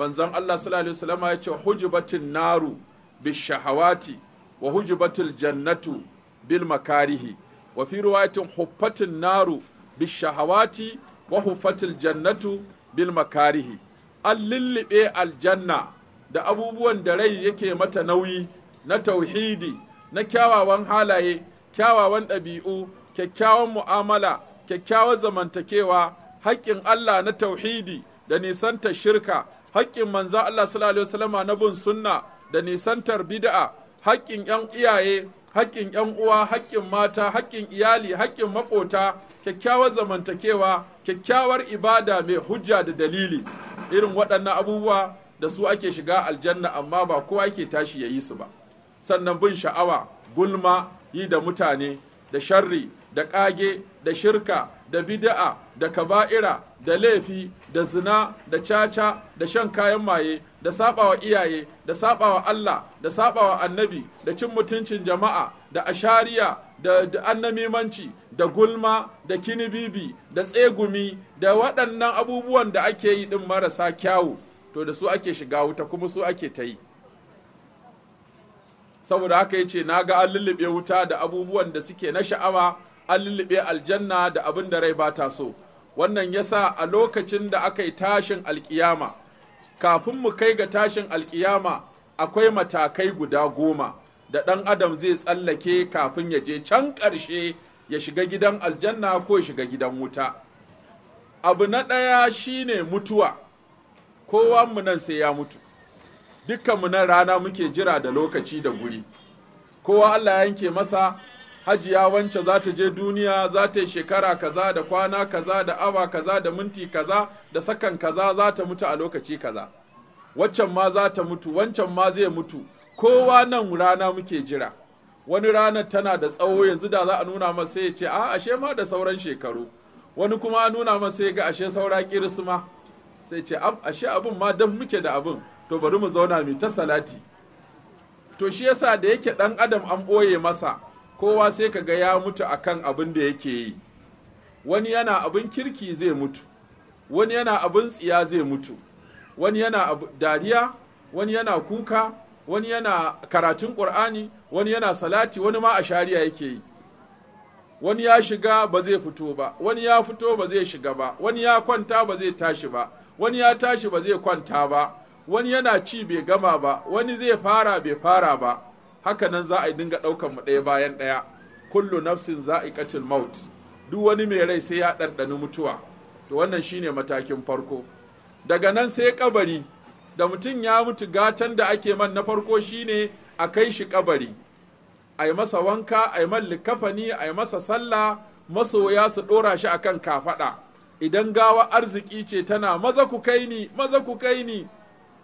manzon Allah sallallahu alaihi ya ce hujibatin naru shahawati wa hujibatil jannatu bil makarihi wa fi riwayatin huffatin naru shahawati wa huffatil jannatu bil makarihi an lillibe aljanna da abubuwan da rai yake mata nauyi na tauhidi na kyawawan halaye kyawawan ɗabi'u kyakkyawan mu'amala kyakkyawan zamantakewa haƙƙin Allah na tauhidi da nisanta shirka haƙƙin manza Allah sallallahu alaihi wasallama na bin sunna da nisantar bid'a haƙƙin yan iyaye haƙƙin yan uwa haƙƙin mata haƙƙin iyali haƙƙin maƙota kyakkyawar zamantakewa kyakkyawar ibada mai hujja da dalili irin waɗannan abubuwa da su ake shiga aljanna amma ba kowa yake tashi ya yi su ba sannan bin sha'awa gulma yi da mutane da sharri da ƙage da shirka da bid'a da kaba'ira da laifi da zina da caca da shan kayan maye da sabawa iyaye da sabawa Allah da sabawa annabi da cin mutuncin jama'a da ashariya da, annamimanci da gulma da kinibibi da tsegumi da waɗannan abubuwan da ake yi ɗin marasa kyawu to da su ake shiga wuta kuma su ake ta yi saboda haka ya ce na ga an lullube wuta da abubuwan da suke na sha'awa an lullube aljanna da abin da rai ba ta so wannan ya sa a lokacin da aka yi tashin alkiyama kafin mu kai ga tashin alkiyama akwai matakai guda goma da ɗan adam zai tsallake kafin ya je can ƙarshe ya shiga gidan aljanna ko shiga gidan wuta abu na ɗaya shine mutuwa kowa nan sai ya mutu dukkan mu nan rana muke jira da lokaci da guri kowa Allah ya yanke masa hajiya wance za ta je duniya za ta yi shekara kaza da kwana kaza da awa kaza da minti kaza da sakan kaza za ta mutu a lokaci kaza waccan ma za ta mutu wancan ma zai mutu kowa nan rana muke jira wani ranar tana da tsawo yanzu da za a nuna masa sai ya ce a ah, ashe ma da sauran shekaru wani kuma a nuna masa sai ga ashe saura kirisma sai ce ashe abin ma dan muke da abin to bari mu zauna mu ta salati to shi yasa da yake dan adam an ɓoye masa kowa sai ka ga ya mutu a kan abin da yake yi wani yana abin kirki zai mutu wani yana abin tsiya zai mutu wani yana dariya wani yana kuka wani yana karatun ƙur'ani wani yana salati wani ma a shari'a yake yi wani ya shiga ba zai fito ba wani ya fito ba zai shiga ba wani ya kwanta ba zai tashi ba wani ya tashi ba zai kwanta ba wani yana ci bai gama ba wani zai fara bai fara ba haka nan za a yi dinga ɗaukan mu ɗaya bayan ɗaya kullu nafsin za a za'iqatul maut duk wani mai rai sai ya ɗanɗani mutuwa to wannan shine matakin farko daga nan sai kabari da mutum ya mutu gatan da ake man na farko shine a kai shi kabari a yi masa wanka a yi man likafani a yi masa sallah masoya su ɗora shi akan kafaɗa idan gawa arziki ce tana maza ku kai ni maza ku kai ni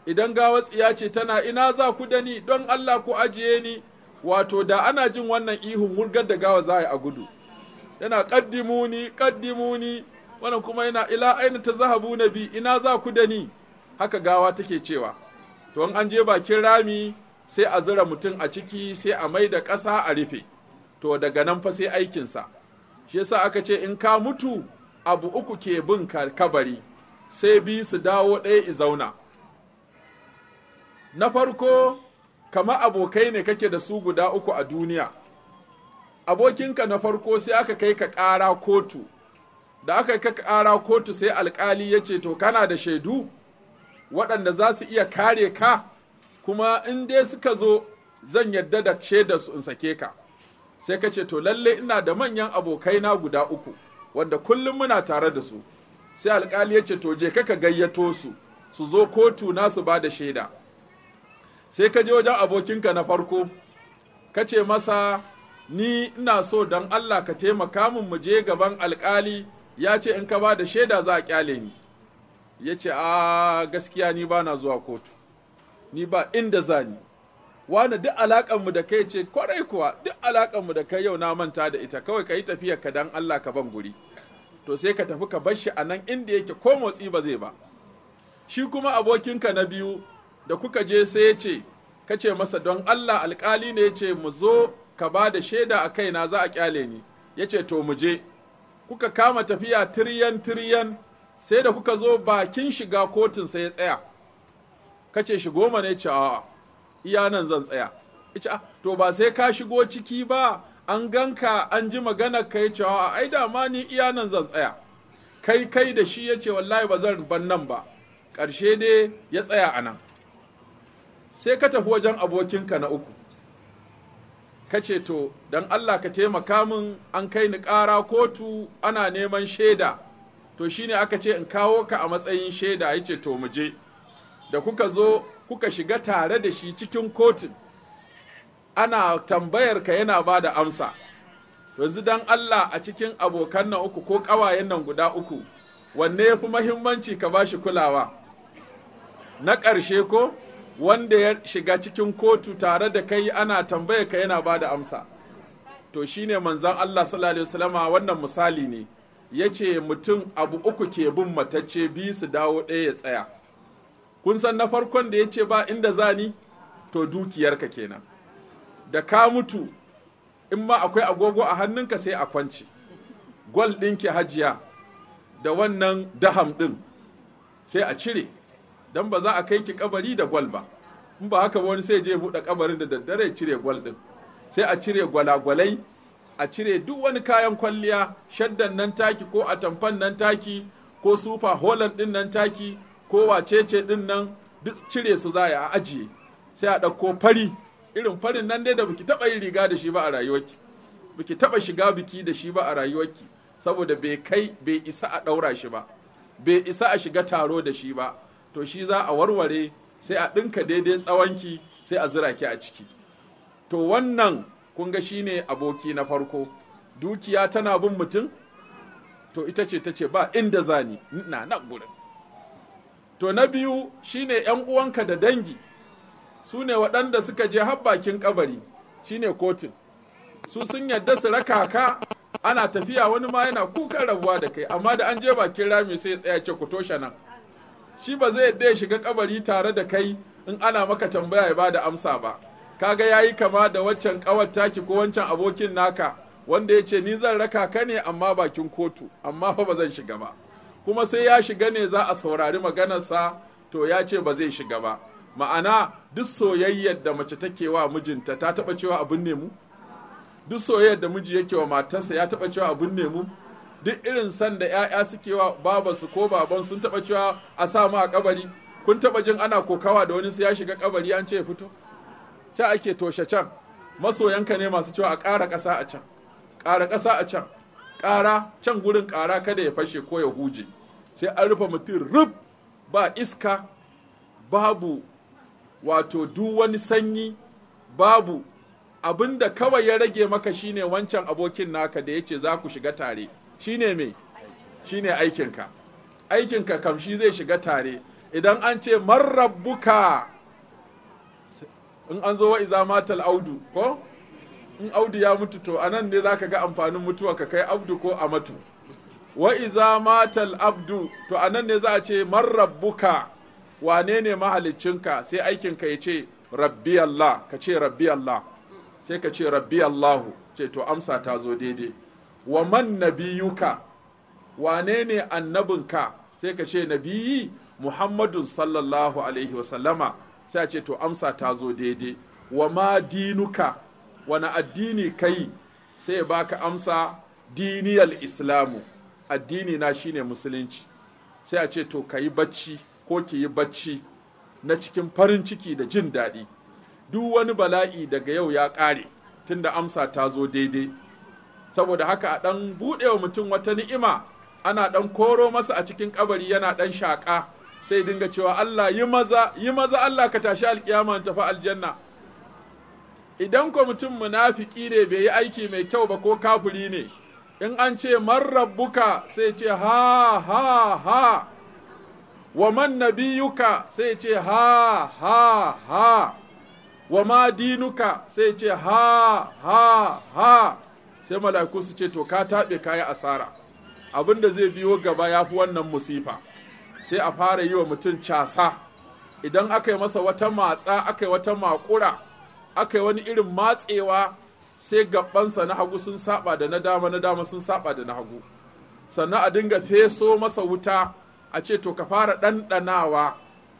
idan watsi tsiya ce tana ina za ku da don Allah ku ajiye ni wato da ana jin wannan ihun wurgar da gawa za a yi a gudu yana kaddimuni kaddimuni wannan kuma yana ila aina ta zahabu na bi ina za ku da haka gawa take cewa to an je bakin rami sai a zura mutum a ciki sai a mai da ƙasa a rufe to daga nan fa sai aikinsa shi yasa aka ce in ka mutu abu uku ke bin kabari sai bi su dawo ɗaya i zauna na farko kama abokai ne kake da su guda uku a duniya abokinka na farko sai aka kai ka ƙara kotu da aka kai ka ƙara kotu sai alƙali ya ce to kana da shaidu waɗanda za su iya kare ka kuma in dai suka zo zan yadda da shaidar su in sake ka sai ka ce to lalle ina da manyan abokai na guda uku wanda kullum muna tare da su sai alƙali ya ce to je ka gayyato su su zo kotu na su ba da shaida sai ka je wajen abokinka na farko ka ce masa ni ina so don Allah ka taimaka min mu je gaban alkali ya ce in ka ba da shaida za a kyale ni ya ce a gaskiya ni ba na zuwa kotu ni ba inda za ni wani duk alaƙanmu da kai ce kwarai kuwa duk alaƙanmu da kai yau na manta da ita kawai ka yi tafiya ka don Allah ka ban guri to sai ka tafi ka bar shi a nan inda yake ko motsi ba zai ba shi kuma abokinka na biyu da kuka je sai ya ce ka ce masa don Allah alkali ne ya ce mu zo ka ba da shaida a kaina za a kyale ni ya ce to mu je kuka kama tafiya tiriyan tiriyan sai da kuka zo bakin shiga kotun sai ya tsaya ka ce shigo mana ya ce iya nan zan tsaya ya ah, to ba sai ka shigo ciki ba an ganka an ji maganar ka ya ce ai da ni iya zan tsaya kai kai da shi ya ce wallahi ba zan ban nan ba ƙarshe dai ya tsaya a nan sai ka tafi wajen abokinka na uku ka ce to don Allah ka taimaka min an kai ni ƙara kotu ana neman shaida to shine aka ce in kawo ka a matsayin shaida ya ce to mu je da kuka zo kuka shiga tare da shi cikin kotun ana tambayar ka yana ba da amsa yanzu don Allah a cikin abokan na uku ko ƙawayen nan guda uku wanne ya fi mahimmanci ka ba shi kulawa na ƙarshe ko wanda ya shiga cikin kotu tare da kai ana tambaya ka yana ba da amsa to shine manzan Allah sallallahu alaihi wasallama wannan misali ne ya ce mutum abu uku ke bin matacce bi su dawo ɗaya ya tsaya kun san na farkon da ya ce ba inda zani to dukiyarka kenan da ka mutu in ma akwai agogo a hannunka sai a kwance gwal ɗinki hajiya da wannan daham ɗin sai a cire dan ba za a kai ki kabari da gwal ba in ba haka wani sai je buɗe kabarin da daddare cire gwal din sai a cire gwalagwalai a cire duk wani kayan kwalliya shaddan nan taki ko atamfan nan taki ko sufa holan din nan taki ko wacece din nan duk cire su za a ajiye sai a ɗauko fari irin farin nan dai da biki taɓa yin riga da shi ba a rayuwarki biki taɓa shiga biki da shi ba a rayuwarki saboda bai kai bai isa a ɗaura shi ba bai isa a shiga taro da shi ba to shi za a warware sai a ɗinka daidai tsawonki sai a zira ki a ciki to wannan kun ga shine aboki na farko dukiya tana bin mutum to ita ce ta ce ba inda zani na nan gurin to na biyu shine yan uwanka da dangi su ne waɗanda suka je har bakin kabari shine kotun su sun yadda su raka ka ana tafiya wani ma yana kukan rabuwa da kai amma da an je bakin rami sai ya tsaya ce ku toshe nan shi ba zai yadda ya shiga kabari tare da kai in ana maka tambaya ya bada amsa ba kaga yayi kama da waccan kawar taki ko wancan abokin naka wanda ya ce ni zan raka ka ne amma bakin kotu amma fa ba zan shiga ba kuma sai ya shiga ne za a saurari maganarsa to ya ce ba zai shiga ba ma'ana duk soyayyar da mace take wa mijinta ta taba cewa abin ne mu duk soyayyar da miji yake wa matarsa ya taba cewa abin ne mu duk irin san da ‘ya'ya suke wa babansu ko baban sun taba cewa a sa mu a kabari kun taba jin ana kokawa da wani su ya shiga kabari an ce ya fito ta ake toshe can masoyanka ne masu cewa a ƙara ƙasa a can ƙara ƙasa a can ƙara can gurin ƙara kada ya fashe ko ya huje sai an rufe mutum rub ba iska babu wato duk wani sanyi babu abin da kawai ya rage maka shine wancan abokin naka da yace za ku shiga tare shi mai me ne aikinka aikinka kam shi zai shiga tare idan an ce marrabbuka in an zo wa'iza matal audu ko in audu ya mutu to a nan ne zaka ga amfanin mutuwa ka kai abdu ko amatu wa'iza matal abdu to nan ne za a ce marrabbuka wane ne mahaliccinka sai aikinka ya ce rabbi Allah ka ce rabbi Allah sai ka ce rabbi Allahu ce to amsa ta zo daidai wa man nabiyuka wane ne annabinka sai ka ce nabiyi muhammadun sallallahu alaihi wasallama sai a ce to amsa ta zo daidai wa ma dinuka wani addini kai sai ba ka amsa diniyal islamu addini na shine musulunci sai a ce to ka yi bacci ko ki yi bacci na cikin farin ciki da jin daɗi duk wani bala'i daga yau ya ƙare tunda amsa ta zo daidai saboda haka a ɗan buɗe wa mutum wata ni'ima ana ɗan koro masa a cikin ƙabari yana ɗan shaƙa sai dinga cewa Allah yi maza Allah ka tashi alƙiyama tafi aljanna idan ko mutum munafiki ne bai yi aiki mai kyau ba ko kafuri ne in an ce man rabbuka sai ce ha ha ha wa man nabiyuka sai ce ha ha ha wa ma dinuka sai ce ha ha ha sai mala'iku su ce to ka taɓe kayi asara abin da zai biyo gaba ya fi wannan musifa sai a fara yi wa mutum casa idan aka yi masa wata matsa aka yi wata makura aka yi wani irin matsewa sai gabansa na hagu sun saba da na dama na dama sun saba da na hagu sannan a dinga feso masa wuta a ce to ka fara ɗanɗanawa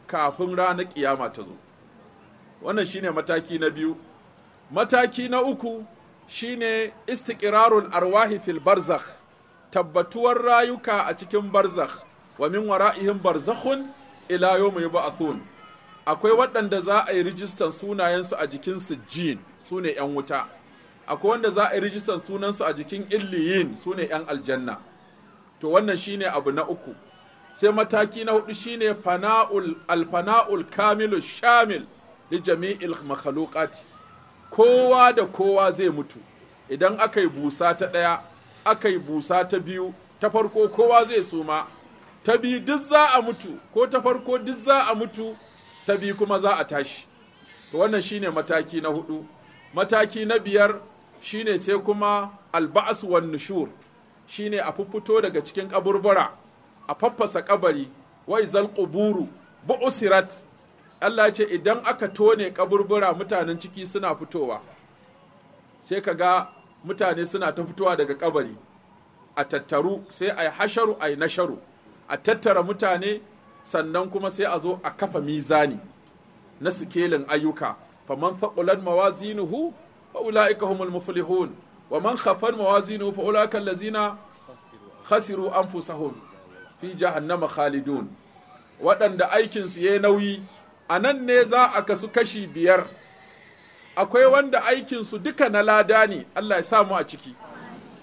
kafin ranar ƙiyama ta zo wannan shine mataki na biyu mataki na uku shine istiqrarul arwahi fil barzakh tabbatuwar rayuka a cikin barzak wa min wara'ihim barzakhun ila yawmi yub'athun akwai waɗanda za a yi rijistan sunayensu a jikin sijjin sune yan wuta akwai wanda za a yi rijistan sunansu a jikin illiyin sune yan aljanna to wannan shine abu na uku sai mataki na hudu shine fana'ul alfana'ul kamilu shamil li jami'il makhluqati kowa da kowa zai mutu idan aka yi busa ta ɗaya aka yi busa ta biyu ta farko kowa zai suma ta biyu duk za a mutu ko ta farko duk za a mutu ta biyu kuma za a tashi wannan shine mataki na hudu mataki na biyar shine sai kuma alba'as wan nushur shine a fito daga cikin kaburbura a faffasa kabari wai zal quburu Allah ce idan aka tone kaburbura mutanen ciki suna fitowa sai ka ga mutane suna ta fitowa daga kabari a tattaru sai a hasharu a nasharu a tattara mutane sannan kuma sai a zo a kafa mizani na sikelin ayyuka faman faqulan mawazinuhu fa ulaika humul muflihun wa man khafan mawazinuhu fa ulaika allazina khasiru anfusahum fi jahannama khalidun waɗanda aikinsu ya nauyi a nan ne za a kasu kashi biyar akwai wanda aikinsu duka na lada ne Allah ya samu a ciki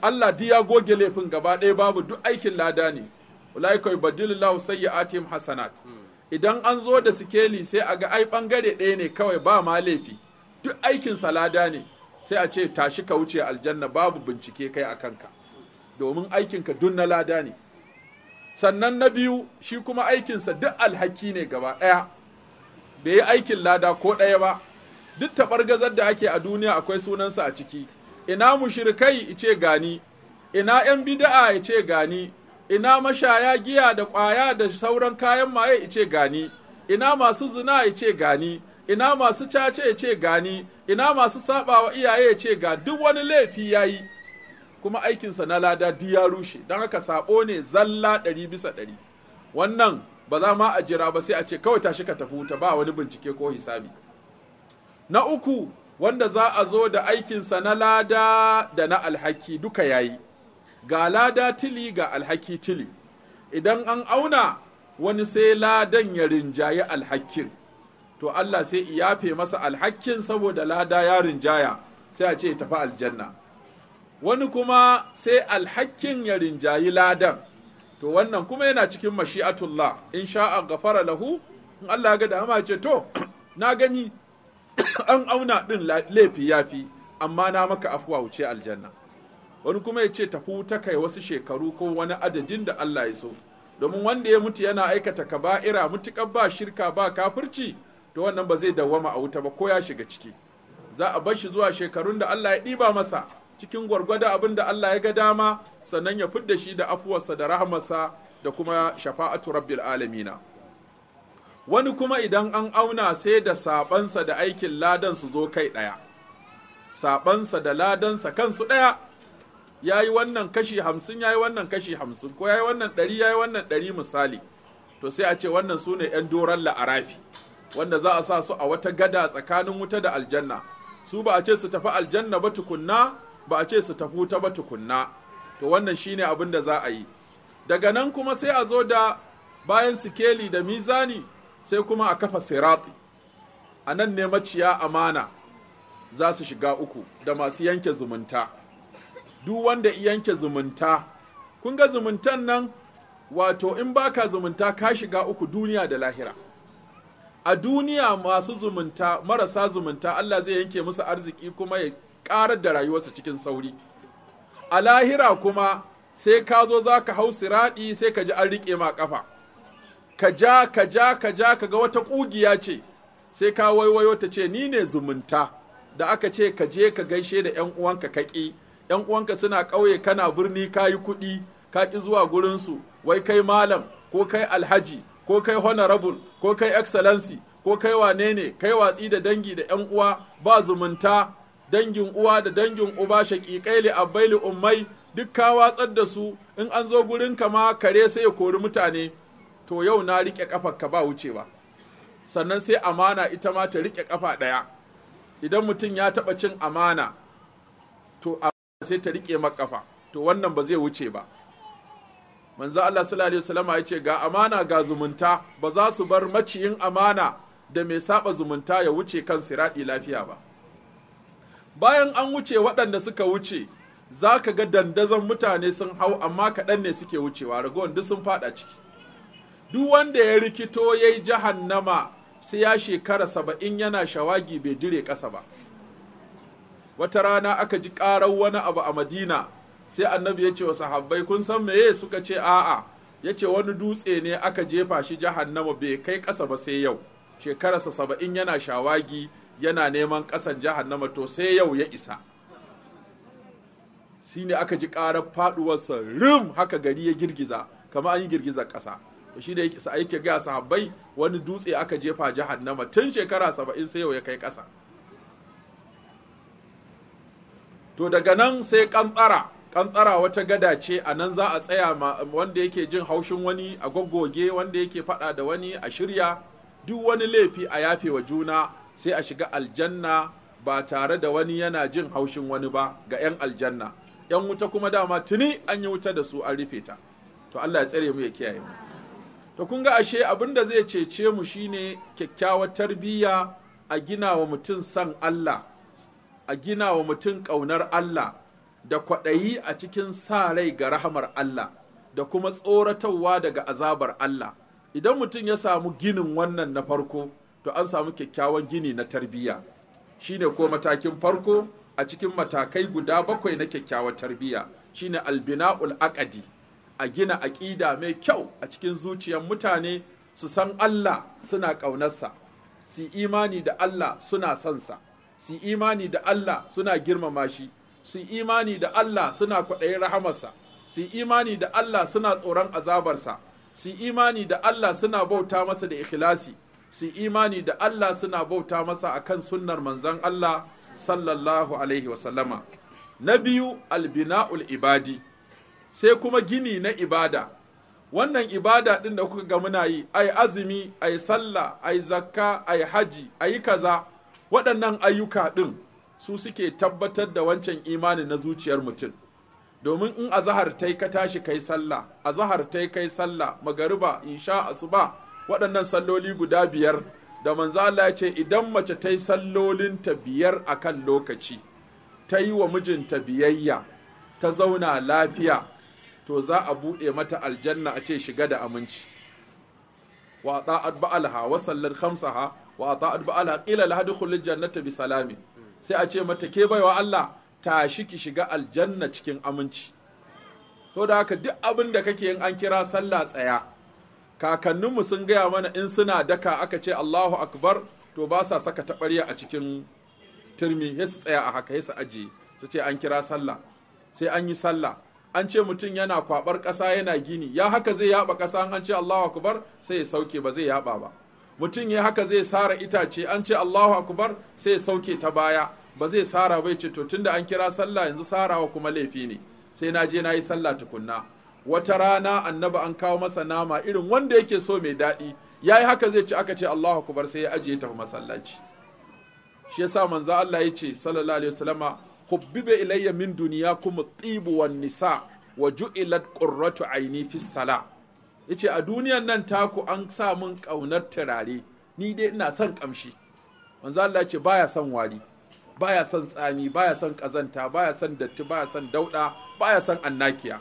Allah di ya goge laifin gaba ɗaya babu duk aikin lada ne sai ya sayyi'atihim hasanat idan an zo da sikeli sai a ga ai bangare ɗaya ne kawai ba ma laifi duk aikin lada ne sai a ce tashi ka wuce aljanna babu bincike kai a kanka domin ka duk na lada ne sannan na biyu shi kuma aikinsa duk alhaki ne gaba ɗaya bai yi aikin lada ko ɗaya ba duk taɓargazar da ake a duniya akwai sunansa a ciki ina mushrikai ice gani ina yan bida'a ice gani ina mashaya giya da ƙwaya da sauran kayan maye ice gani ina masu zina ice gani ina masu cace ice gani ina masu saɓawa iyaye ice ga duk wani laifi ya yi kuma aikinsa na lada duk ya rushe don haka saɓo ne zalla ɗari bisa ɗari wannan ba za ma a jira ba sai a ce kawai tashi ka tafi wuta ba wani bincike ko hisabi na uku wanda za a zo da aikinsa na lada da na alhaki duka yayi ga lada tili ga alhaki tili idan an auna wani sai ladan ya rinjaye alhakin to Allah sai iyafe masa alhakin saboda lada ya rinjaya sai a ce tafi aljanna wani kuma sai alhakin ya rinjayi ladan to wannan kuma yana cikin mashi'atullah in sha'a gafara lahu in Allah ya ga dama ce to na gani an auna din laifi yafi amma na maka afuwa wuce aljanna wani kuma ya ce tafi ta kai wasu shekaru ko wani adadin da Allah ya so domin wanda ya mutu yana aikata ka ira, mutukar ba shirka ba kafirci to wannan ba zai dawwama a wuta ba ko ya shiga ciki za a bar shi zuwa shekarun da Allah ya ɗiba masa cikin gwargwada abin da Allah ya ga dama sannan ya fidda shi da afuwarsa da rahamarsa da kuma shafa'atu rabbil alamina wani kuma idan an auna sai da sabansa da aikin ladan su zo kai daya, sabansa da ladansa kansu daya, ya yi wannan kashi hamsin ya yi wannan kashi hamsin ko ya yi wannan ɗari ya yi wannan ɗari misali to sai a ce wannan su ne ‘yan doron la'arafi wanda za a sa su a wata gada tsakanin wuta da aljanna su ba a ce su tafi aljanna ba tukunna ba a ce su tafi wuta ba tukunna to wannan shine abin da za a yi daga nan kuma sai a zo da bayan sikeli da mizani sai kuma a kafa sirati a nan ne maciya amana za su shiga uku da masu yanke zumunta duk wanda yanke zumunta kun ga zumuntan nan wato in baka zumunta ka shiga uku duniya da lahira a duniya masu zumunta marasa zumunta Allah zai yanke musu arziki kuma ya ƙarar da rayuwarsa cikin sauri a lahira kuma sai ka zo za ka hau siraɗi sai ka ji an riƙe ma ƙafa ka ja ka ja ka ja ka ga wata ƙugiya ce sai ka waiwayo ta ce ni ne zumunta da aka ce ka je ka gaishe da yan uwanka kaƙi yan uwanka suna ƙauye kana birni ka yi kuɗi ka ƙi zuwa gurinsu wai kai malam ko kai alhaji ko kai honorable ko kai excellency ko kai wane ne kai watsi da dangi da yan uwa ba zumunta dangin uwa da dangin uba shaƙiƙai li abbai li ummai duk ka watsar da su in an zo gurin ka ma kare sai ya kori mutane to yau na riƙe ƙafar ka ba wucewa sannan sai amana ita ma ta riƙe ƙafa ɗaya idan mutum ya taɓa cin amana to amana sai ta riƙe ƙafa, to wannan ba zai wuce ba manzo Allah sallallahu alaihi wasallam ya ce ga amana ga zumunta ba za su bar maciyin amana da mai saba zumunta ya wuce kan siradi lafiya ba bayan an wuce waɗanda suka wuce za ka ga dandazon mutane sun hau amma kaɗan ne suke wucewa ragowar duk sun faɗa ciki duk wanda ya rikito ya yi jahannama sai ya shekara saba'in yana shawagi bai jire ƙasa ba wata rana aka ji ƙarar wani abu a madina sai annabi ya ce wa sahabbai kun san meye suka ce a'a ya ce wani dutse ne aka jefa shi jahannama bai kai ƙasa ba sai yau shekararsa saba'in yana shawagi yana neman ƙasan jahannama to sai yau ya isa shi ne aka ji ƙarar faɗuwarsa rim haka gari ya girgiza kama an yi girgizar ƙasa shi da yake gaya sahabbai wani dutse aka jefa jahannama tun shekara saba'in sai yau ya kai ƙasa to daga nan sai ƙantsara ƙantsara wata gada ce a nan za a tsaya wanda yake jin haushin wani a goggoge wanda yake faɗa da wani a shirya duk wani laifi a yafe wa juna sai a shiga aljanna ba tare da wani yana jin haushin wani ba ga 'yan aljanna 'yan wuta kuma dama tuni an yi wuta da su an rufe ta to Allah ya tsare mu ya kiyaye mu to kun ga ashe abin da zai cece mu shine kyakkyawar tarbiyya a gina wa mutum san Allah a gina wa mutum ƙaunar Allah da kwaɗayi a cikin sa rai ga rahamar Allah da kuma tsoratawa daga azabar Allah idan mutum ya samu ginin wannan na farko to an samu kyakkyawan gini na tarbiyya shine ko matakin farko a cikin matakai guda bakwai na kyakkyawar tarbiyya shine albina'ul Akadi. a gina aƙida mai kyau a cikin zuciyar mutane su san Allah suna ƙaunarsa su imani da Allah suna sansa su imani da Allah suna girmama shi su imani da Allah suna kwaɗayin rahamarsa su imani da Allah suna tsoron azabarsa su imani da Allah suna bauta masa da ikhlasi su imani da Allah suna bauta masa a kan sunnar manzan Allah sallallahu alaihi wasallama na biyu albina'ul ibadi sai kuma gini na ibada wannan ibada ɗin da kuka ga muna yi ai azumi ai sallah ai zakka ai haji ai kaza waɗannan ayyuka ɗin su suke tabbatar da wancan imani na zuciyar mutum domin in a zahar ta yi ka tashi kai sallah a zahar ta yi kai sallah magariba insha asuba waɗannan salloli guda biyar da manzo Allah ya ce idan mace ta yi ta biyar a kan lokaci ta yi wa mijinta biyayya ta zauna lafiya to za a buɗe mata aljanna a ce shiga da aminci wa ta'ad ba'alha wa sallar khamsaha wa ta'ad ba'alha qila laha dukhulul jannata bi Salami, sai a ce mata ke baiwa Allah tashi ki shiga aljanna cikin aminci to da haka duk abin da kake yin an kira sallah tsaya kakanninmu sun gaya mana in suna daka aka ce Allahu akbar to ba sa saka taɓarya a cikin turmi ya su tsaya a haka ya su ajiye su ce an kira sallah sai an yi sallah an ce mutum yana kwabar ƙasa yana gini ya haka zai yaba ƙasa an ce Allahu akbar sai ya sauke ba zai yaba ba mutum ya haka zai sara itace an ce Allahu akbar sai ya sauke ta baya ba zai sara bai ce to tunda an kira sallah yanzu sarawa kuma laifi ne sai na je na yi sallah tukunna wata rana annaba an kawo masa nama irin wanda yake so mai daɗi ya yi haka zai ci aka ce Allahu kubar sai ya ajiye ta masallaci shi yasa manzo Allah ya ce sallallahu alaihi wasallama hubbibe ilayya min dunyakum tibu wan nisa wa ju'ilat qurratu aini fi sala yace a duniyan nan taku an sa mun kaunar turare ni dai ina son kamshi manzo Allah ya ce baya son wari baya son tsami baya son kazanta baya son datti baya son dauda baya son annakiya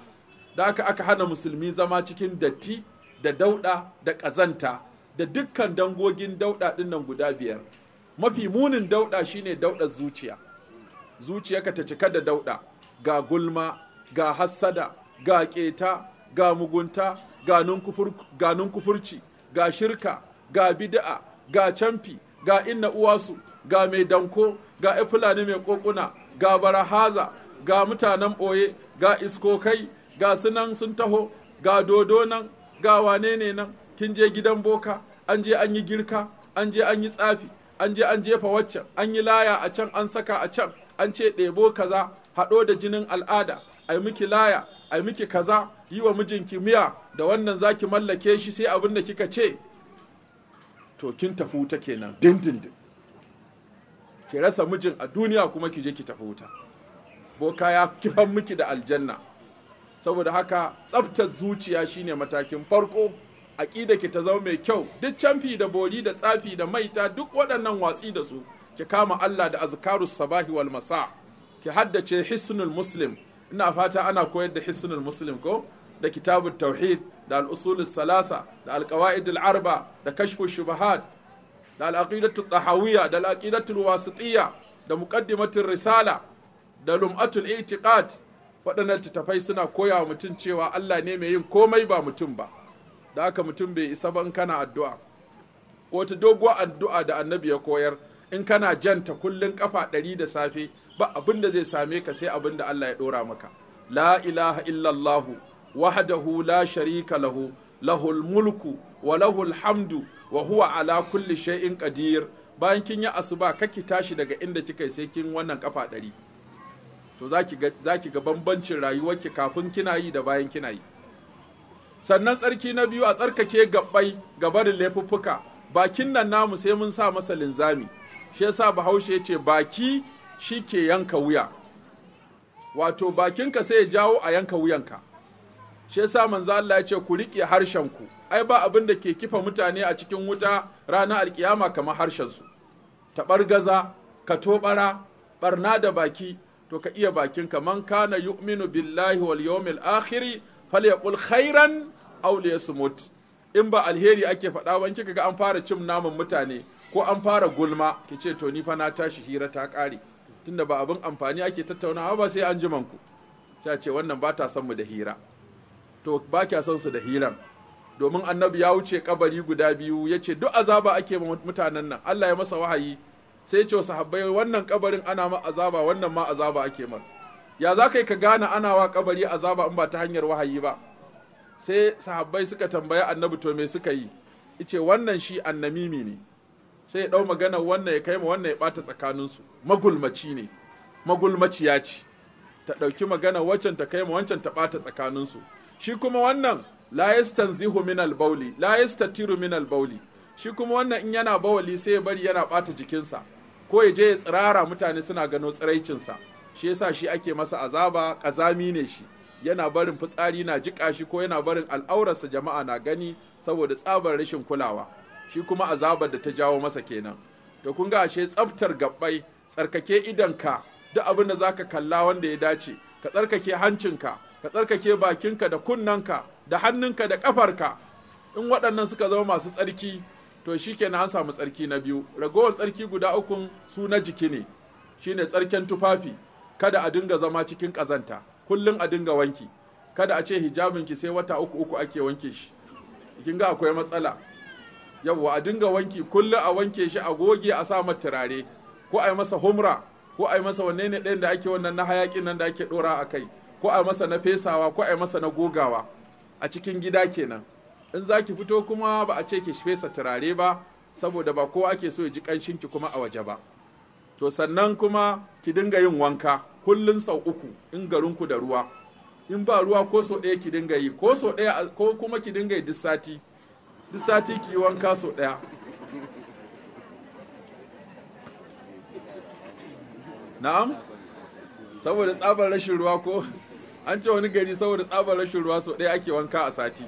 da aka aka hana musulmi zama cikin datti da dauda da ƙazanta da dukkan dangogin dauda ɗin nan guda biyar mafi munin dauda shine dauda zuciya zuciyarka ta cika da dauda ga gulma ga hassada ga keta ga mugunta ga ninkufurci, ga shirka ga bid'a ga camfi ga inna uwasu ga mai danko ga fulani mai kokuna ga barahaza ga mutanen ɓoye ga iskokai ga su nan sun taho ga dodo nan ga wane ne nan kin je gidan boka an je an yi girka an je an yi tsafi an je an jefa waccan an yi laya a can an saka a can an ce ɗebo kaza haɗo da jinin al'ada ai miki laya ai miki kaza yi wa mijinki miya da wannan zaki mallake shi sai abin da kika ce to kin tafi wuta kenan dindindin ki rasa mijin a duniya kuma ki je ki tafi wuta boka ya kifan miki da aljanna saboda haka tsaftar zuciya shine matakin farko aƙida ki ta zama mai kyau duk canfi da bori da tsafi da maita duk waɗannan watsi da su ki kama Allah da azkarus sabahi wal masa ki haddace hisnul muslim ina fata ana koyar da hisnul muslim ko da kitabut tauhid da al salasa da al-qawaidul arba da kashfu shubahat da al-aqidatu tahawiyya da al-aqidatu wasitiyya da muqaddimatu risala da lum'atul i'tiqad waɗannan littattafai suna koya wa mutum cewa Allah ne mai yin komai ba mutum ba da haka mutum bai isa ba in kana addu'a wata doguwa addu'a da annabi ya koyar in kana janta kullun kafa ɗari da safe ba abin da zai same ka sai abin da Allah ya ɗora maka la ilaha illallah wahdahu la sharika lahu lahul mulku wa lahul hamdu wa huwa ala kulli shay'in qadir bayan kin yi asuba kake tashi daga inda kika sai kin wannan kafa ɗari to za ki ga bambancin ki kafin kina yi da bayan kina yi sannan tsarki na biyu a tsarkake gabbai da laifuffuka bakin nan namu sai mun sa masa linzami shi yasa bahaushe ce baki shi ke yanka wuya wato bakinka sai ya jawo a yanka wuyanka shi yasa manzo Allah ya ce ku riƙe ku. ai ba abin da ke kifa mutane a cikin wuta ranar alkiyama kamar harshensu taɓar gaza ka toɓara ɓarna da baki to ka iya bakinka man kana yu'minu billahi wal yawmil akhir falyaqul khairan aw liyasmut in ba alheri ake faɗa ba kika ga an fara cin naman mutane ko an fara gulma ki ce to ni fa na tashi hira ta kare tunda ba abin amfani ake tattaunawa ba sai an jiman ku sai a ce wannan ba ta son mu da hira to ba kya son su da hiran domin annabi ya wuce kabari guda biyu ya ce duk azaba ake mutanen nan Allah ya masa wahayi sai ce sahabbai wannan kabarin ana ma azaba wannan ma azaba ake mar ya za ka ka gane ana wa kabari azaba in ba ta hanyar wahayi ba sai sahabbai suka tambaya annabi to me suka yi ice wannan shi annamimi ne sai ya dau magana wannan ya kai ma wannan ya bata tsakaninsu magulmaci ne magulmaciya ce ta dauki magana waccan ta kai ma wancan ta bata tsakaninsu shi kuma wannan la yastanzihu min al-bauli la yastatiru min al-bauli shi kuma wannan in yana bawali sai ya bari yana ɓata jikinsa ko ya je ya tsirara mutane suna gano tsiraicinsa shi yasa shi ake masa azaba kazami ne shi yana barin fitsari na jiƙa shi ko yana barin al'aurarsa jama'a na gani saboda tsabar rashin kulawa shi kuma azabar da ta jawo masa kenan to kun ga ashe tsaftar gabbai tsarkake idanka duk abin da zaka kalla wanda ya dace ka tsarkake hancinka ka tsarkake bakinka da kunnanka da hannunka da kafarka in waɗannan suka zama masu tsarki to shikenan an samu tsarki na biyu ragowar tsarki guda ukun su na jiki ne shine tsarken tufafi kada a dinga zama cikin kazanta kullum a dinga wanki kada a ce hijabin ki sai wata uku uku ake wanke shi kin ga akwai matsala yawwa a dinga wanki kullum a wanke shi a goge a sa mata turare ko a yi masa humra ko a yi masa wanne ne ɗayan da ake wannan na hayakin nan da ake ɗora a kai ko a masa na fesawa ko a masa na gogawa a cikin gida kenan in za ki fito kuma ba a ce ki fesa turare ba saboda ba kowa ake so ya ji ƙanshin ki kuma a waje ba to sannan kuma ki dinga yin wanka kullun sau uku in garinku da ruwa in ba ruwa ko sau ɗaya ki dinga yi ko sau ɗaya ko kuma ki dinga yi duk sati duk sati ki yi wanka sau ɗaya na'am saboda tsabar rashin ruwa ko an ce wani gari saboda tsabar rashin ruwa sau ɗaya ake wanka a sati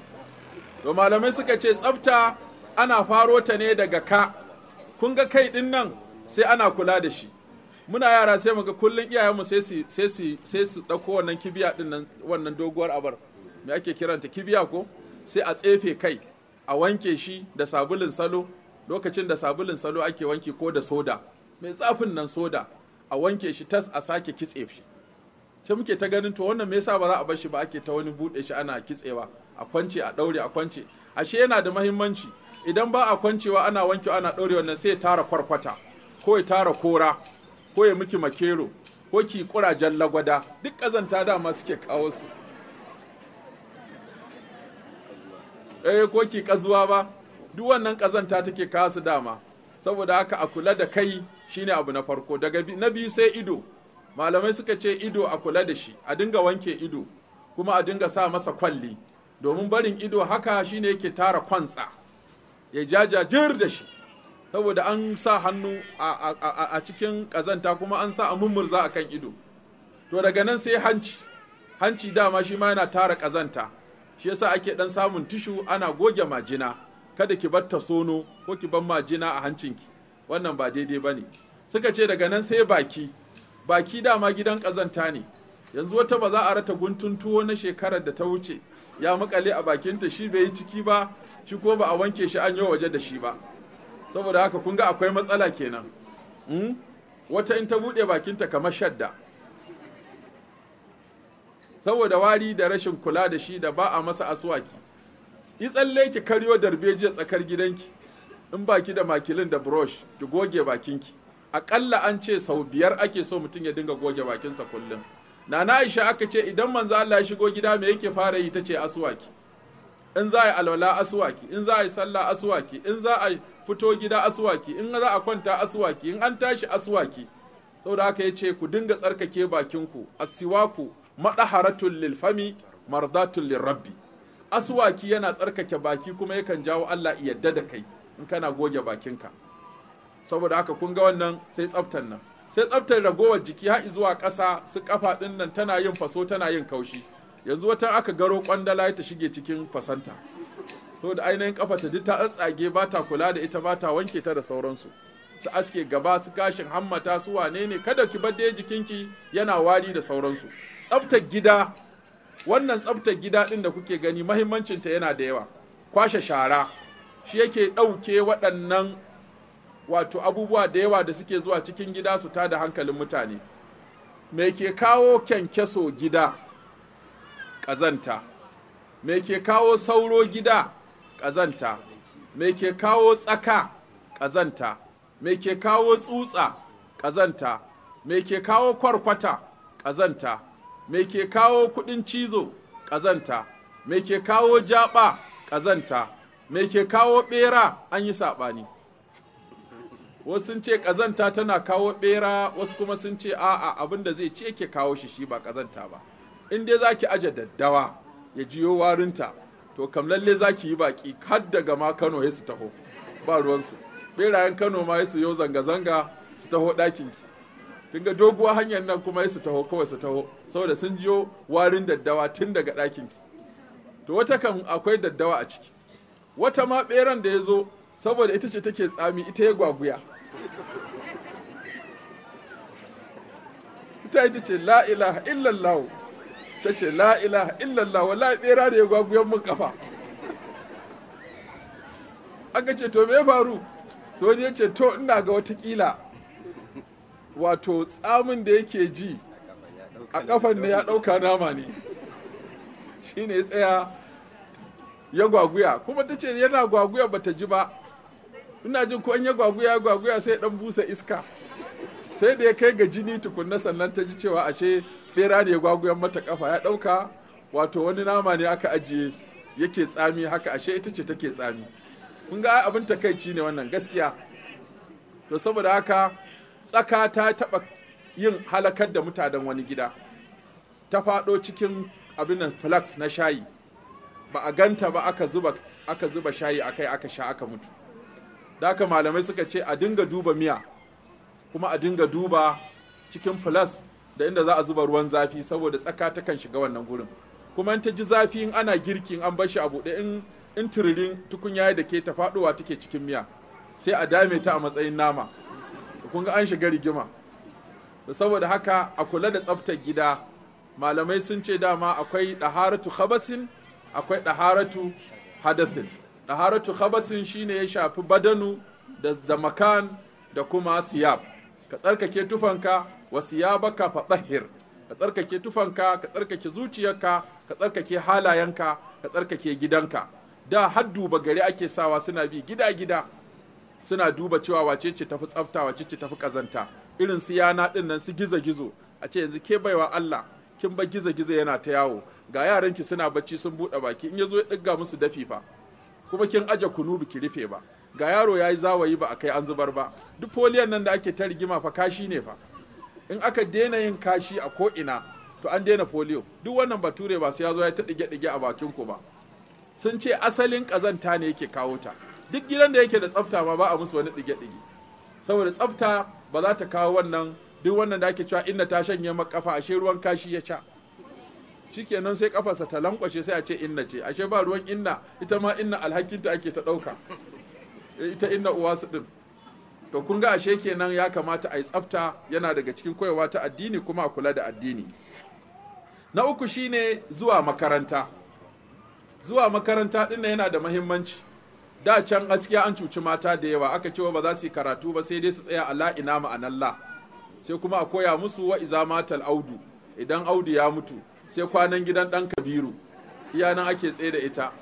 to malamai suka ce tsafta ana faro ta ne daga ka kun ga kai din nan sai ana kula da shi muna yara sai muka kullun iyayenmu sai su sai sai su wannan kibiya din nan wannan doguwar abar me ake kiranta kibiya ko sai a tsefe kai a wanke shi da sabulin salo lokacin da sabulin salo ake wanki ko da soda mai tsafin nan soda a wanke shi tas a sake kitse shi sai muke ta ganin to wannan me yasa ba za a bar shi ba ake ta wani bude shi ana kitsewa a kwance a daure a kwance ashe yana da mahimmanci idan ba a kwancewa ana wanke ana daure wannan sai ya tara kwarkwata ko ya tara kora ko ya miki makero ko ki kurajen lagwada duk kazanta dama suke kawo su eh ko ki kazuwa ba duk wannan kazanta take kawo su dama saboda haka a kula da kai shine abu na farko daga na biyu sai ido malamai suka ce ido a kula da shi a dinga wanke ido kuma a dinga sa masa kwalli domin barin ido haka shine yake tara kwantsa ya jajajir da shi saboda an sa hannu a cikin ƙazanta kuma an sa a mummurza a kan ido to daga nan sai hanci hanci dama shi ma yana tara kazanta shi yasa ake ɗan samun tishu ana goge majina kada ki bar ta sono ko ki bar majina a hancinki wannan ba daidai ba ne suka ce daga nan sai baki baki dama gidan ƙazanta ne yanzu wata ba za a rata guntun tuwo na shekarar da ta wuce ya makale a bakinta shi bai yi ciki ba shi ko ba a wanke shi an yi waje da shi ba saboda haka kun ga akwai matsala kenan hmm? wata in ta buɗe bakinta kamar shadda saboda wari da rashin kula da shi da ba a masa aswaki yi tsalle ki karyo darbejiyar tsakar gidanki in baki da makilin da brush ki goge bakinki aƙalla an ce sau biyar ake so mutum ya dinga goge bakinsa kullum nana aisha aka ce idan manzo Allah ya shigo gida me yake fara yi tace aswaki in za a yi alwala aswaki in za a yi sallah aswaki in za a fito gida aswaki in za a kwanta aswaki in an tashi aswaki saboda haka yace ku dinga tsarkake bakinku asiwaku madaharatul lil fami mardatul lirabbi aswaki yana tsarkake baki kuma yakan jawo Allah yadda da kai in kana goge bakinka saboda haka kun ga wannan sai tsaftan nan sai tsaftar ragowar jiki har zuwa ƙasa su kafa ɗin nan tana yin faso tana yin kaushi yanzu wata aka garo kwandala ta shige cikin fasanta so da ainihin kafa ta duk ta tsage ba ta kula da ita ba ta wanke ta da sauransu su aske gaba su gashin hammata su wane ne kada ki bar dai jikinki yana wari da sauransu tsaftar gida wannan tsaftar gida ɗin da kuke gani mahimmancinta yana da yawa kwashe shara shi yake ɗauke waɗannan wato abubuwa da yawa da suke zuwa cikin gida su da hankalin mutane me ke kawo kyankyaso gida ƙazanta me ke kawo sauro gida ƙazanta me ke kawo tsaka ƙazanta me ke kawo tsutsa ƙazanta me ke kawo kwarkwata ƙazanta me ke kawo kuɗin cizo ƙazanta me ke kawo jaɓa ƙazanta me ke kawo ɓera an yi saɓani wasu sun ce ƙazanta tana kawo ɓera wasu kuma sun ce a'a abin da zai ce ke kawo shi shi ba ƙazanta ba in dai za ki aje daddawa ya jiyo warinta to kam lalle za ki yi baki har daga ma kano ya su taho ba ruwansu ɓerayen kano ma ya su yau zanga-zanga su taho ɗakin ki kin ga doguwa hanyar nan kuma ya su taho kawai su taho saboda sun jiyo warin daddawa tun daga ɗakin ki to wata kan akwai daddawa a ciki wata ma ɓeran da ya zo saboda ita ce take tsami ita ya gwaguya ta yi ta ce la'ilaha illallahu ta ce la'ilaha illallahu wala bera da ya gwaguyan mun kafa aka ce to me faru soji ya ce to ina ga watakila wato tsamin da yake ji a kafan ne ya ɗauka nama ne shi ne ya tsaya ya gwaguya kuma ta ce yana gwaguya bata ji ba ina jin ko an ya gwaguya gwaguya sai dan busa iska sai da ya kai ga jini tukunna sannan ta ji cewa ashe bera ne gwaguyan mata kafa ya dauka wato wani nama ne aka ajiye yake tsami haka ashe ita ce take tsami kun ga abin takaici ne wannan gaskiya to saboda haka tsaka ta taba yin halakar da mutanen wani gida ta faɗo cikin abin nan flax na shayi ba a ganta ba aka zuba aka zuba shayi akai aka sha aka mutu da malamai suka ce a dinga duba miya kuma a dinga duba cikin filas da inda za a zuba ruwan zafi saboda tsaka ta kan shiga wannan gurin kuma in ta ji zafi in ana girki in an bar shi a buɗe in in turirin tukunya da ke ta faɗowa take cikin miya sai a dame ta a matsayin nama kun ga an shiga rigima saboda haka a kula da tsaftar gida malamai sun ce dama akwai ɗaharatu khabasin akwai ɗaharatu hadathin ɗaharatu khabasin shine ya shafi badanu da, da makan da kuma siyab ka tsarkake tufanka wa siyabaka fa tsahir ka tsarkake tufanka ka tsarkake zuciyarka ka tsarkake halayenka ka tsarkake gidanka da har duba gari ake sawa suna bi gida gida suna duba cewa wace ce tafi tsafta wace ce tafi kazanta irin su yana din nan su gizo gizo a ce yanzu ke baiwa Allah kin ba gizo gizo yana ta yawo ga yaranki suna bacci sun bude baki in yazo ya digga musu dafi fa kuma kin aje kunu biki rufe ba ga yaro ya yi zawayi ba a kai an zubar ba duk foliyan nan da ake ta rigima fa kashi ne fa in aka daina yin kashi a ko ina to an daina foliyo duk wannan bature ba su ya zo ya ta dige-dige a bakin ku ba sun ce asalin kazanta ne yake kawo ta duk gidan da yake da tsafta ma ba a musu wani dige-dige saboda tsafta ba za ta kawo wannan duk wannan da ake cewa inna ta shanye makafa ashe ruwan kashi ya sha shikenan sai kafarsa ta lankwashe sai a ce inna ce ashe ba ruwan inna ita ma inna alhakinta ake ta dauka eh, ita inna uwa su ɗin to kun ga ashe kenan ya kamata a yi tsafta yana daga cikin koyawa ta addini kuma a kula da addini na uku shine zuwa makaranta zuwa makaranta din nan yana da mahimmanci da can gaskiya an cuci mata da yawa aka cewa ba za su yi karatu ba sai dai su tsaya ala ina ma'anallah sai kuma a koya musu wa izamatal audu idan audu ya mutu sai kwanan gidan ɗan kabiru iya nan ake tsaye da ita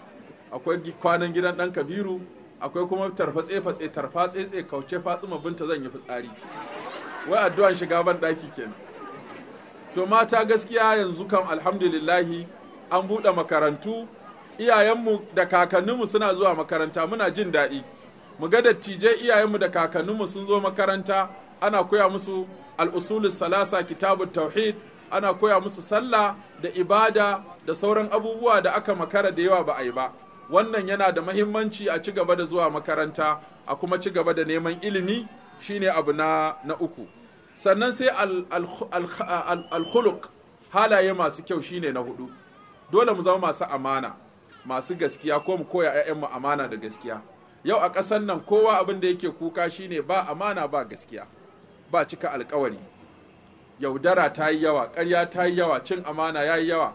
akwai kwanan gidan ɗan kabiru akwai kuma tarfatse fatse tarfa tsaye kauce fatsuma binta zan yi fitsari wai addu'an shiga ban ɗaki kenan to mata gaskiya yanzu kan alhamdulillahi an buɗe makarantu iyayenmu da kakanninmu suna zuwa makaranta muna jin daɗi mu ga dattijai iyayenmu da kakanninmu sun zo makaranta ana koya musu al'usulus salasa kitabut tauhid ana koya musu sallah da ibada da sauran abubuwa da aka makara da yawa ba a yi ba wannan yana da mahimmanci a ci gaba da zuwa makaranta a kuma ci gaba da neman ilimi shine abu na na uku sannan sai alhuluk halaye masu kyau shine na hudu dole mu zama masu amana masu gaskiya ko mu koya mu amana da gaskiya yau a ƙasar nan kowa abin da yake kuka shine ba amana ba gaskiya ba cika alkawari yaudara ta yi yawa karya ta yi yawa cin amana ya yi yawa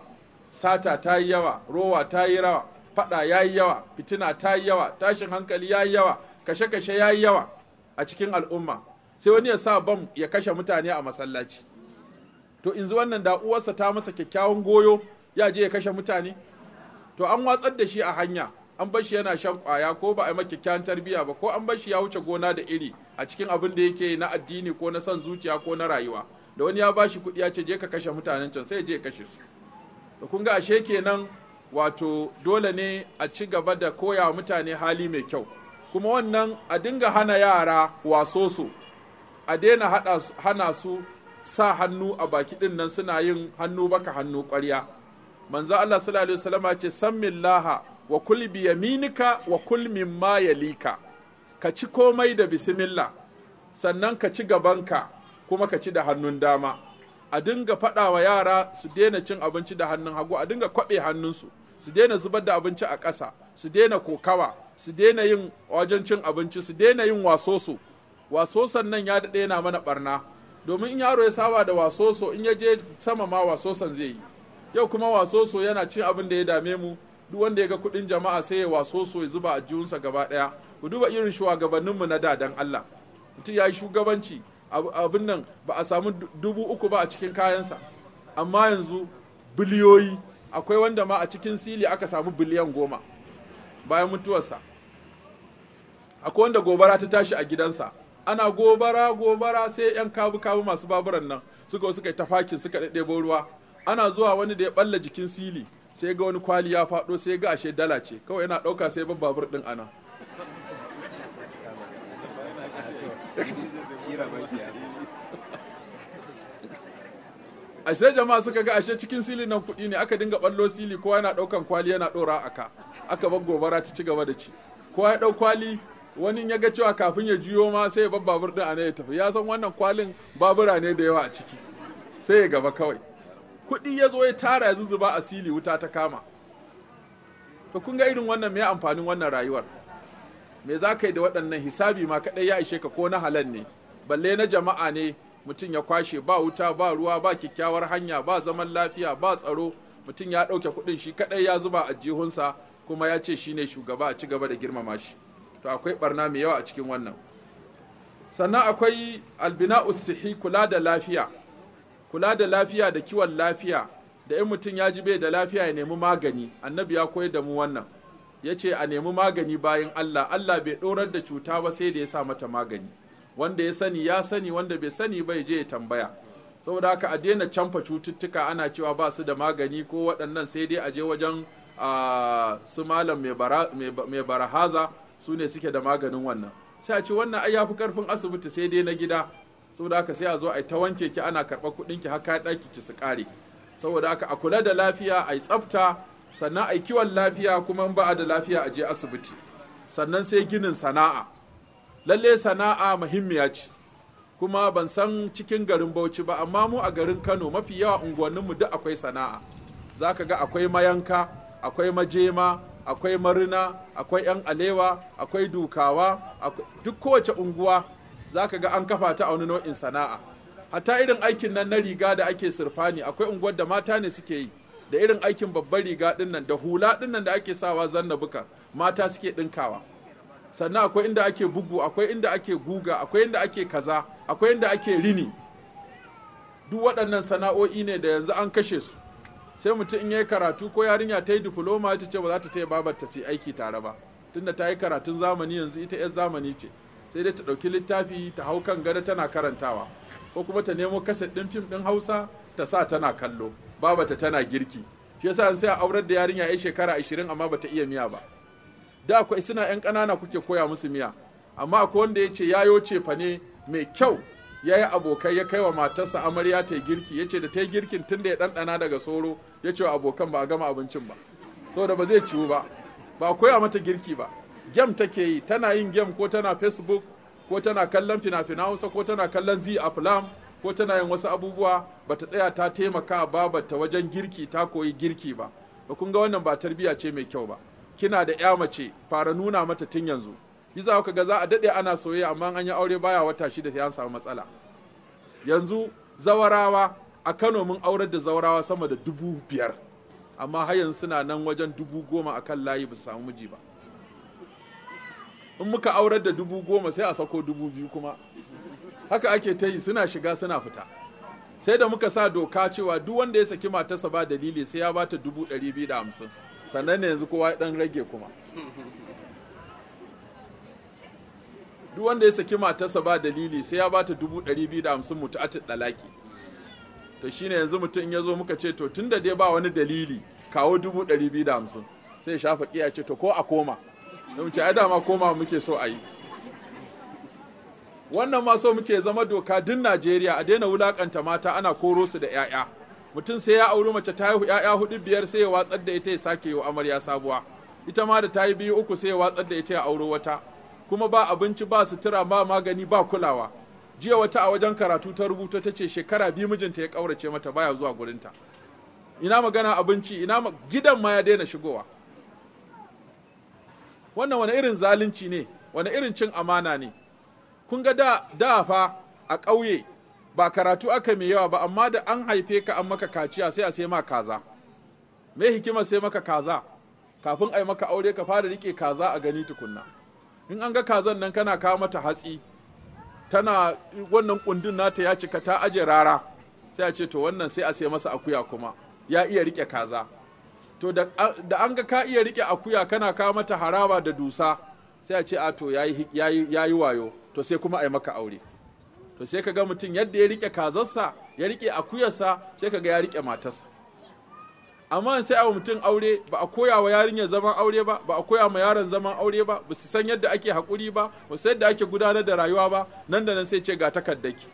sata ta yi yawa rowa ta yi rawa faɗa ya yi yawa fitina ta yi yawa tashin hankali ya yi yawa kashe-kashe ya yi yawa a cikin al'umma sai wani ya sa bam ya kashe mutane a masallaci to in wannan da uwarsa ta masa kyakkyawan goyo ya je ya kashe mutane to an watsar da shi a hanya an bar shi yana shan kwaya ko ba a yi maka kyakkyawan tarbiyya ba ko an bar shi ya wuce gona da iri a cikin abin da yake na addini ko na son zuciya ko na rayuwa da wani ya ba shi kuɗi ya ce je ka kashe mutanen can sai ya je ka kashe su da kun ga ashe kenan wato dole ne a ci gaba da koya wa mutane hali mai kyau kuma wannan a dinga hana yara waso su a daina hana su sa hannu a baki ɗin nan suna yin hannu baka hannu ƙwarya manzo Allah sallallahu alaihi wasallam ce sammillaha wa kul bi yaminika wa kul mimma yalika ka ci komai da bismillah sannan ka ci gabanka kuma ka ci da hannun dama a dinga faɗa wa yara su daina cin abinci da hannun hagu a dinga kwaɓe hannunsu su daina zubar da abinci a ƙasa su daina kokawa su daina yin wajen cin abinci su daina yin wasoso wasoson nan ya daɗe yana mana ɓarna domin in yaro ya saba da wasoso in ya je sama ma wasoson zai yi yau kuma wasoso yana cin abin da ya dame mu duk wanda ya ga kuɗin jama'a sai ya wasoso ya zuba a jiyunsa gaba ɗaya ku duba irin shugabanninmu na da dan Allah mutum ya yi shugabanci abin nan ba a samu dubu uku ba a cikin kayansa amma yanzu biliyoyi akwai wanda ma a cikin sili aka samu biliyan goma bayan mutuwarsa akwai wanda gobara ta tashi a gidansa ana gobara gobara sai yan kabu kabu masu baburan nan suka suka yi tafakin suka ɗaɗɗebo ruwa ana zuwa wani da ya balla jikin sili sai ga wani kwali ya faɗo sai ga ashe dala ce kawai yana ɗauka sai babur ɗin ana ashe jama'a suka ga ashe cikin sili nan kuɗi ne aka dinga ballo sili kowa yana ɗaukan kwali yana ɗora aka aka bar gobara ta ci gaba da ci kowa ya ɗau kwali wani ya ga cewa kafin ya juyo ma sai ya bar babur din ana ya tafi ya san wannan kwalin babura ne da yawa a ciki sai ya gaba kawai kuɗi ya zo ya tara ya zuzuba a sili wuta ta kama to kun ga irin wannan me amfanin wannan rayuwar me za ka yi da waɗannan hisabi ma kaɗai ya ishe ka ko na halal ne balle na jama'a ne mutum ya kwashe ba wuta ba ruwa ba kyakkyawar hanya ba zaman lafiya ba tsaro mutum ya ɗauke kuɗin shi kaɗai ya zuba a jihunsa kuma ya ce shi ne shugaba a ci gaba da girmama shi to akwai barna mai yawa a cikin wannan sannan akwai albina usihi kula da lafiya kula da lafiya da kiwon lafiya da in mutum ya ji bai da lafiya ya nemi magani annabi ya koyar da mu wannan ya ce a nemi magani bayan allah allah bai ɗorar da cuta ba sai da ya sa mata magani wanda ya sani ya sani wanda bai sani bai je ya tambaya saboda haka a daina canfa cututtuka ana cewa ba su da magani ko waɗannan sai dai a je wajen su malam mai barahaza su ne suke da maganin wannan sai a ce wannan ai fi karfin asibiti sai dai na gida saboda haka sai a zo a ta wanke ki ana karɓar kuɗin ki haka ɗaki ki su ƙare saboda haka a kula da lafiya a yi tsafta sannan a kiwon lafiya kuma in ba a da lafiya a je asibiti sannan sai ginin sana'a lalle sana'a muhimmiya ce kuma ban san cikin garin Bauchi ba amma mu a garin Kano mafi yawa unguwanninmu duk akwai sana'a za ka ga akwai mayanka akwai majema akwai marina akwai 'yan alewa akwai dukawa duk kowace unguwa za ka ga an kafa ta a wani nau'in sana'a hata irin aikin nan na riga da ake sirfani akwai unguwar da mata ne suke yi da irin aikin babbar riga din da hula din da ake sawa zanna buka mata suke dinkawa sannan akwai inda ake bugu akwai inda ake guga akwai inda ake kaza akwai inda ake rini duk waɗannan sana'o'i ne da yanzu an kashe su sai mutum in yi karatu ko yarinya ta yi diploma ta ce ba za ta taya babar ta ce aiki tare ba tunda ta yi karatun zamani yanzu ita yar zamani ce sai dai ta ɗauki littafi ta hau kan gada tana karantawa ko kuma ta nemo kaset ɗin fim ɗin hausa ta sa tana kallo babata tana girki shi yasa sai a aurar da yarinya ya shekara ashirin amma bata iya miya ba da akwai suna yan ƙanana kuke koya musu miya amma akwai wanda ya ce ya yo cefa ne mai kyau ya yi abokai ya kai wa matarsa amarya ta yi girki ya ce da ta yi girkin tun da ya ɗanɗana daga soro ya ce wa abokan ba a gama abincin ba da ba zai ciwu ba ba a koya mata girki ba gem take yi tana yin gem ko tana facebook ko tana kallon fina-fina hausa ko tana kallon zi a flam ko tana yin wasu abubuwa ba ta tsaya ta taimaka babarta wajen girki ta koyi girki ba ba kun ga wannan ba tarbiyya ce mai kyau ba kina da ƴa mace fara nuna mata tun yanzu bisa ka ga za a daɗe ana soyayya amma an yi aure baya wata shida sai an samu matsala yanzu zawarawa a kano mun aurar da zawarawa sama da dubu biyar amma har yanzu suna nan wajen dubu goma a kan layi ba su samu miji ba in muka aurar da dubu goma sai a sako dubu biyu kuma haka ake ta yi suna shiga suna fita sai da muka sa doka cewa duk wanda ya saki matarsa ba dalili sai ya bata dubu ɗari biyu da hamsin sannan ne yanzu kowa dan rage kuma duk wanda ya saki matarsa ba dalili sai ya bata dubu ɗari biyu da hamsin dalaki ɗalaki to shine yanzu mutum ya zo muka ce to tun da dai ba wani dalili kawo dubu ɗari biyu da hamsin sai ya shafa ƙiya ce to ko a koma da mu ce ai dama koma muke so a yi wannan ma so muke zama doka duk najeriya a daina wulakanta mata ana koro su da 'ya'ya mutum sai ya auri mace ta yi ya'ya hudu biyar sai ya watsar da ita ya sake yi amarya sabuwa ita ma da ta yi biyu uku sai ya watsar da ita ya auro wata kuma ba abinci ba sutura ba magani ba kulawa jiya wata a wajen karatu ta rubuta ta ce shekara biyu mijinta ya kaurace mata baya zuwa gurinta ina magana abinci ina gidan ma ya daina shigowa wannan wani irin zalunci ne wani irin cin amana ne kun ga da da fa a ƙauye ba karatu aka mai yawa ba amma da an haife ka an maka kaciya sai a sai ma kaza me hikimar sai maka kaza kafin a yi maka aure ka fara rike kaza a gani tukunna in an ga kazan nan kana kawo mata hatsi tana wannan kundin nata ya cika ta aje rara sai a ce to wannan sai a sai masa akuya kuma ya iya rike kaza to da, da an ga ka iya rike akuya kana kawo mata haraba da dusa sai a ce a to yayi yayi wayo to sai kuma a yi maka aure to sai ka ga mutum yadda ya rike kazarsa ya rike akuyarsa sai ka ga ya rike matarsa amma sai a mutum aure ba a koya wa yarinyar zaman aure ba ba a koya ma yaron zaman aure ba ba su san yadda ake haƙuri ba ba su yadda ake gudanar da rayuwa ba nan da nan sai ce ga ki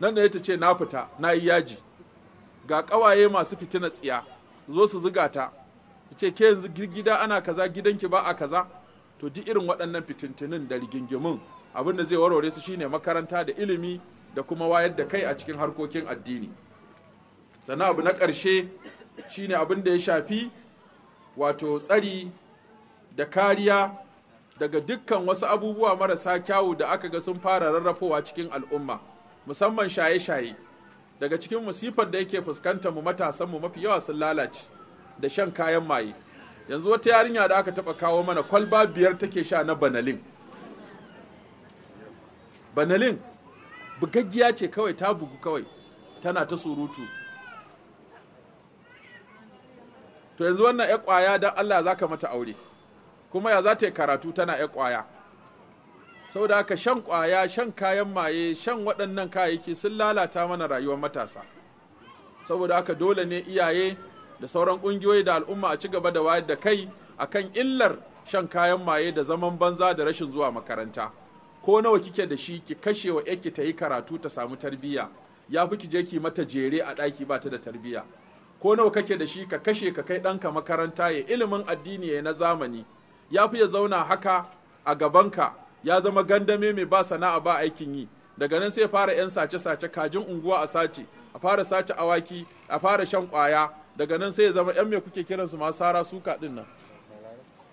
nan da ta ce na fita na yi yaji ga ƙawaye masu fitina tsiya zo su zuga ta ce ke yanzu gida ana kaza gidanki ba a kaza to duk irin waɗannan fitintinin da rigingimun abin da zai warware su shine makaranta da ilimi da kuma wayar da kai a cikin harkokin addini sannan abu na ƙarshe shine abin da ya shafi wato tsari da kariya daga dukkan wasu abubuwa marasa kyawu da aka ga sun fara rarrafowa cikin al'umma musamman shaye-shaye daga cikin musifar da yake fuskantar mu matasanmu mafi yawa sun lalace da shan kayan maye yanzu wata yarinya da aka taba kawo mana kwalba biyar take sha na banalin banalin bugaggiya ce kawai ta bugu kawai tana ta surutu to yanzu wannan ya kwaya don allah za ka mata aure kuma ya za ta yi karatu tana ya kwaya saboda haka shan kwaya shan kayan maye shan waɗannan kayayyaki sun lalata mana rayuwar matasa saboda aka dole ne iyaye da sauran ƙungiyoyi da al'umma a ci gaba da wayar da kai a kan illar shan kayan maye da zaman banza da rashin zuwa makaranta ko nawa kike da shi ki kashe wa yake ta yi karatu ta samu tarbiyya ya fi ki je ki mata jere a ɗaki ba ta da tarbiyya ko nawa kake da shi ka kashe ka kai ɗanka makaranta ya ilimin addini ya na zamani ya fi ya zauna haka a gabanka ya zama gandame mai ba sana'a ba aikin yi daga nan sai fara 'yan sace-sace kajin unguwa a sace a fara sace awaki a fara shan kwaya daga nan sai ya zama yan me kuke kiransu ma sara suka din nan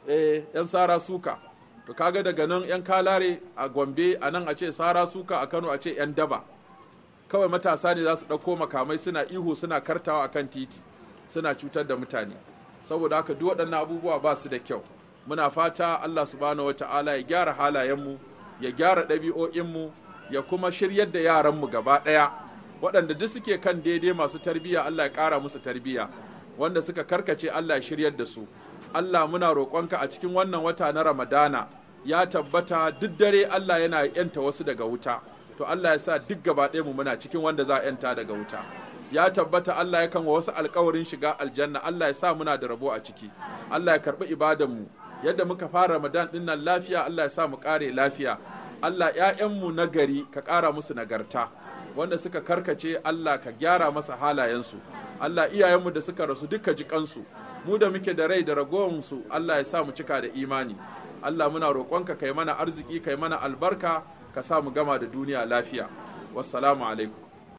eh yan sara suka to kaga daga nan yan kalare a gombe a nan a ce sara suka a kano a ce yan daba kawai matasa ne za su ɗauko makamai suna ihu suna kartawa akan titi suna cutar da mutane saboda haka duk waɗannan abubuwa ba su da kyau muna fata allah subhanahu wataala ya gyara halayenmu ya gyara ɗabi'o'inmu ya kuma shiryar da yaranmu gaba ɗaya waɗanda duk suke kan daidai masu tarbiyya Allah ya ƙara musu tarbiyya wanda suka karkace Allah ya shiryar da su Allah muna roƙonka a cikin wannan wata na Ramadana ya tabbata duk dare Allah yana yanta wasu daga wuta to Allah ya sa duk gaba ɗaya mu muna cikin wanda za a yanta daga wuta ya tabbata Allah ya kanwa wasu alƙawarin shiga aljanna Allah ya sa muna da rabo a ciki Allah ya karɓi ibadan mu yadda muka fara Ramadan din nan lafiya Allah ya sa mu ƙare lafiya Allah mu na gari ka ƙara musu nagarta wanda suka karkace Allah ka gyara masa halayensu Allah iyayenmu da suka rasu duka jikansu mu da muke da rai da ragowansu Allah ya sa mu cika da imani Allah muna roƙonka kai mana arziki kai mana albarka ka sa mu gama da duniya lafiya wassalamu alaikum